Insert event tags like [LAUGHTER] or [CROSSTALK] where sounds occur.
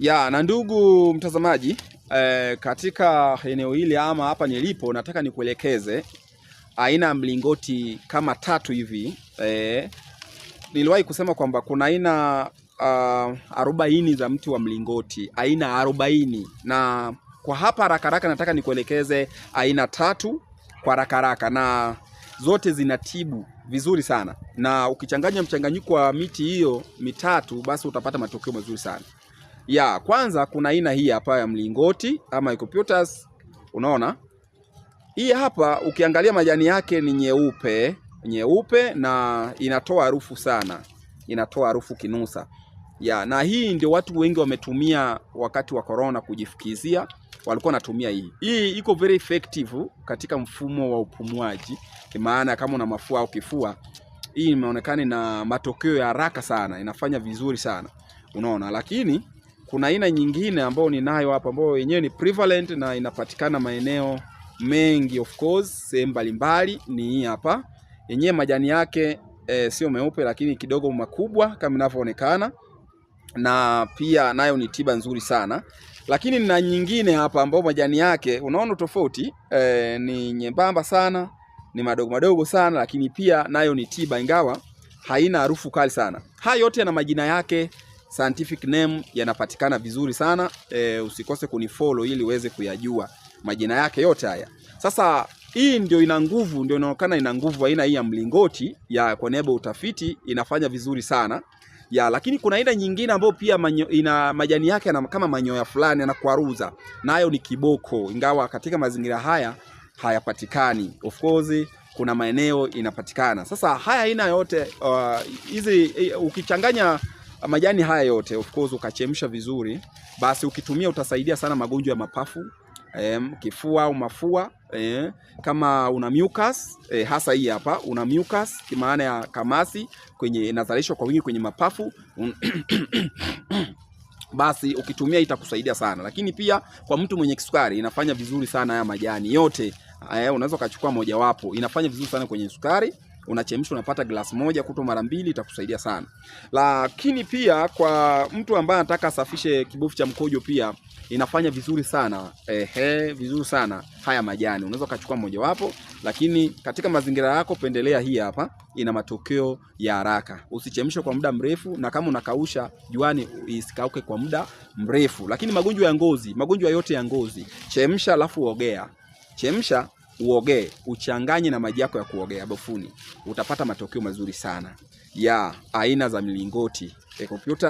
Ya, na ndugu mtazamaji eh, katika eneo hili ama hapa nilipo nataka nikuelekeze aina ya mlingoti kama tatu hivi eh, niliwahi kusema kwamba kuna aina uh, arobaini za mti wa mlingoti, aina arobaini, na kwa hapa haraka haraka nataka nikuelekeze aina tatu kwa haraka haraka, na zote zinatibu vizuri sana, na ukichanganya mchanganyiko wa miti hiyo mitatu, basi utapata matokeo mazuri sana ya kwanza, kuna aina hii hapa ya mlingoti ama eucalyptus. Unaona hii hapa, ukiangalia majani yake ni nyeupe nyeupe na inatoa harufu sana, inatoa harufu kinusa ya, na hii ndio watu wengi wametumia wakati wa corona kujifukizia, walikuwa wanatumia hii. Hii iko very effective katika mfumo wa upumuaji, maana kama una mafua au kifua, hii imeonekana na matokeo ya haraka sana, inafanya vizuri sana, unaona lakini kuna aina nyingine ambayo ninayo hapa ambayo yenyewe ni prevalent na inapatikana maeneo mengi of course, sehemu mbalimbali. Ni hii hapa yenyewe, majani yake e, sio meupe lakini kidogo makubwa kama inavyoonekana, na pia nayo ni tiba nzuri sana. Lakini na nyingine hapa ambayo majani yake unaona tofauti e, eh, ni nyembamba sana, ni madogo madogo sana, lakini pia nayo ni tiba, ingawa haina harufu kali sana. Haya yote yana majina yake scientific name yanapatikana vizuri sana e, usikose kunifollow ili uweze kuyajua majina yake yote haya. Sasa hii ndio ina nguvu, ndio inaonekana ina nguvu, aina hii ya mlingoti ya kwa niaba utafiti inafanya vizuri sana ya, lakini kuna aina nyingine ambayo pia manyo, ina majani yake na kama manyoya fulani yanakwaruza, nayo ni kiboko, ingawa katika mazingira haya hayapatikani. Of course kuna maeneo inapatikana. Sasa haya aina yote uh, hizi uh, uh, ukichanganya majani haya yote of course ukachemsha vizuri, basi ukitumia utasaidia sana magonjwa ya mapafu eh, kifua au mafua eh, kama una mucus eh, hasa hii hapa una mucus, maana ya kamasi kwenye inazalishwa kwa wingi kwenye mapafu [COUGHS] basi ukitumia itakusaidia sana, lakini pia kwa mtu mwenye kisukari inafanya vizuri sana. Haya majani yote eh, unaweza ukachukua mojawapo, inafanya vizuri sana kwenye sukari unachemsha, unapata glass moja kuto mara mbili, itakusaidia sana. Lakini pia kwa mtu ambaye anataka asafishe kibofu cha mkojo, pia inafanya vizuri sana ehe, vizuri sana haya majani. Unaweza mmoja wapo lakini katika mazingira yako pendelea hii hapa, ina matokeo ya haraka. Usichemshe kwa muda mrefu, na kama unakausha juani isikauke kwa muda mrefu. Lakini magonjwa ya ngozi, magonjwa yote ya ngozi, chemsha alafu ogea, chemsha uogee, uchanganye na maji yako ya kuogea bafuni, utapata matokeo mazuri sana ya aina za milingoti E, eh, kompyuta.